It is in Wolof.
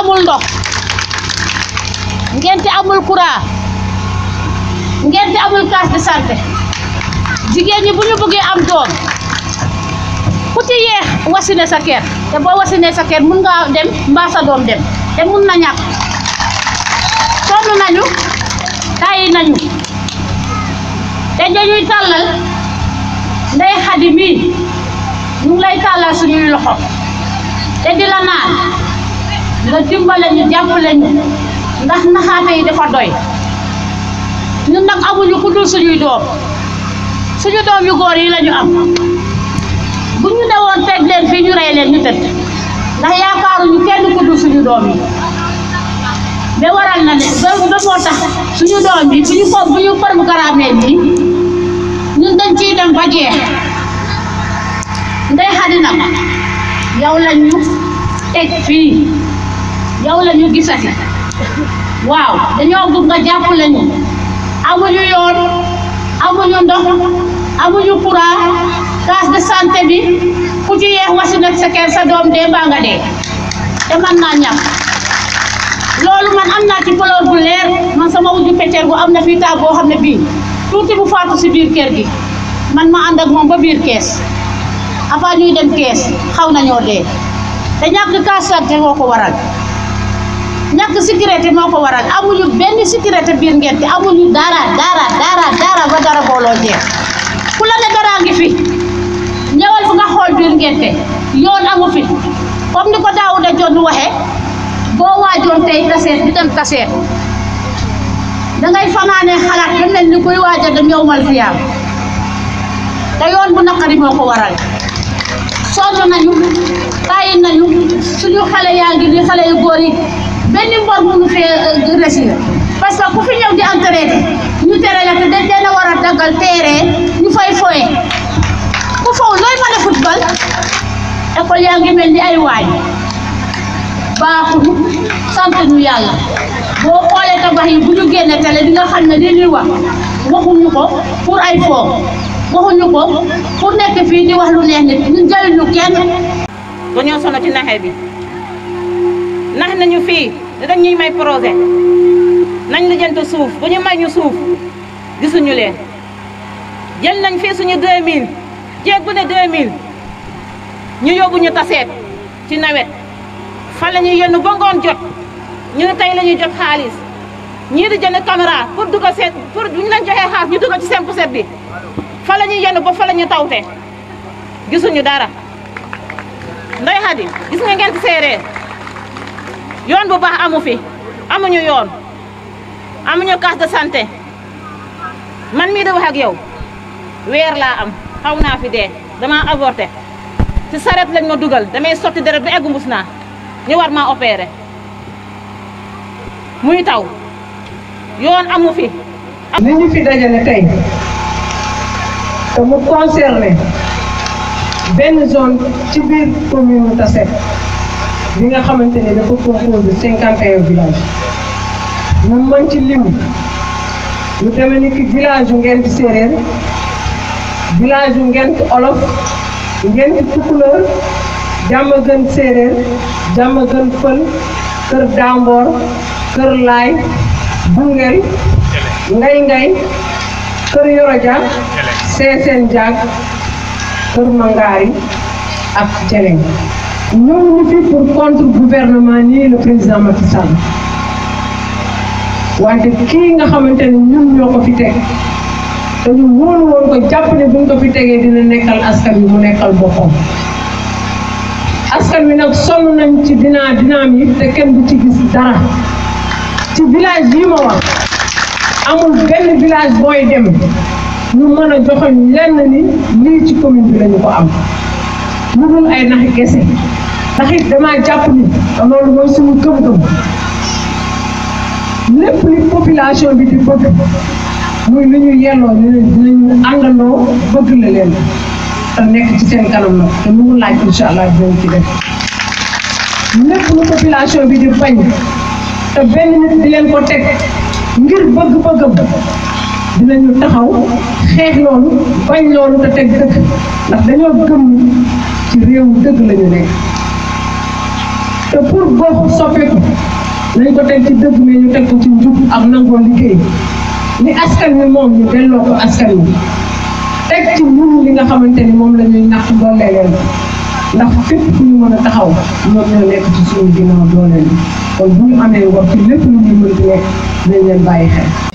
amul ndox ngente amul courant ngente amul carte de santé jigéen ñi buñu bëggé am doom ku ci yeex wasiné sa kër té bo wasiné sa kër mën nga dem mba sa doom dem té mën na ñak sonn nañu tàyyi nañu té dañuy talal ndey xadi mi ñu lay talal suñu loxo té di la nga dimbale ñu jàppale ñu ndax naxaate yi dafa doy ñun nag amuñu ku dul suñuy doom suñu doom yu góor yi lañu am bu ñu newoon teg leen fii ñu rey leen ñu tëdd ndax yaakaaruñu kenn ku dul suñu doom yi ba waral na ne ba moo tax suñu doom yi bu ñu ko bu ñu forme karaamee nii ñun dañ ciy dem ba jeex ndey nag yow lañu teg fii yow la ñu gisati waaw dañoo bëgg nga jàppale lañu amuñu yoon amuñu ndox amuñu courant tas de santé bi ku ci yeex wasi nak sa kër sa doom dé ba nga dé té man na ñam loolu man amna ci poloor bu leer man sama wuju pétier bu amna fi ta bo xamné bi touti bu faatu ci biir kër gi man ma and ak mom ba biir kess apa ñuy dem kess xaw nañu dé té ñak case santé moo waral ñàkk sécurité moo ko waral amuñu benn sécurité biir ngente amuñu dara dara dara ba dara booloo ku la dara ngi fi ñëwal fu nga xool biir ngente yoon amu fi comme ni ko Daouda Dione waxee boo waajoon tey taseet di dem taseet dangay fanaanee xalaat ba ni kuy waaja da ñëwmal fi yàlla te yoon naqari moo ko waral sonn nañu tàyyi nañu suñu xale yaa ngi ni xale yu góor yi benn mbor mënu fee euh, résilier parce ku fi ñëw di entraîné ñu tere la te dañ leen a war a daggal teere ñu fay foyee ku fow looy mën a football école yaa ngi mel ni ay waañ baaxul sant yàlla boo xoolee tabax yi bu ñu génne télé di nga xam ne li ñuy wax waxuñu ko pour ay foo waxuñu ko pour nekk fii di wax lu neex nit ñu jëriñu kenn. dañoo sonn ci naxe bi. nax nañu fii dañ ñuy may projet nañ la jënd suuf bu ñu may ñu suuf gisuñu leen jël nañ fii suñu 2000 jéeg bu ne 2000 ñu yóbbu ñu taseet ci nawet fa la ñuy yenn jot ñu ne tey la ñuy jot xaalis ñii di jënd caméra pour dugg seet pour bu ñu leen joxee xaalis ñu dugg ci seen poset bi fa la ñuy yenn ba fa la ñuy tawte gisuñu dara nday xadi gis nga ngeen séeréer yoon bu baax amu fi amuñu yoon amuñu case de santé man mii di wax ak yow weer laa am xaw naa fi dee dama avorté ci saret lañ ma dugal damay sotti deret ba eggu naa ñu war maa opéré muy taw yoon amu fi li ñu fi dajale tey te mu concerné benn zone ci biir commune Tassette bi nga xamante ne dafa composé cinquante et un village ñu mën ci lim lu demee ni ki village yu Ngent Séeréer village yu Ngent Olof Ngent Tukulóor Diamaguène Séeréer gën fël Kër Dàmboor Kër Laay Bungel Ngay Ngay Kër Yoro Dia Seeseen Jaag Kër Mangaari ak Jeleng ñëw ñu fi pour contre gouvernement nii le président Macky Sall wante kii nga xamante ne ñun ñoo ko fi teg te ñu wóolu woon ko jàpp ne buñ ko fi tegee dina nekkal askan wi mu nekkal boppam askan wi nag sonn nañ ci dinaa dynamique te kenn du ci gis dara ci village yi ma wax amul benn village booy dem ñu mën a joxoñ lenn ni lii ci commune bi lañu ko am lu dul ay nax gese ndax it damaa jàpp ni loolu mooy suñu gëm-gëm lépp li population bi di bëgg muy lu ñu yelloo ñu àndandoo bëgg la leen te nekk ci seen kanam nag lu mu laaj incha allah dinañ ci def lépp lu population bi di bañ te benn leen ko teg ngir bëgg taxaw xeex loolu bañ loolu te teg dëgg réew dëgg la ñu nekk. te pour gox soppeeku nañ ko teg ci dëgg mais ñu teg ko ci njub ak nangoo liggéey li askan wi moom ñu delloo ko askan wi teg ci ñun li nga xamante ni moom la ñuy nax doole leen ndax fépp fu ñu mën a taxaw ñoom ñoo nekk ci suñu ginnaaw doole leen kon bu ñu amee wax ci lépp lu ñuy mën nekk nañ leen bàyyi xel.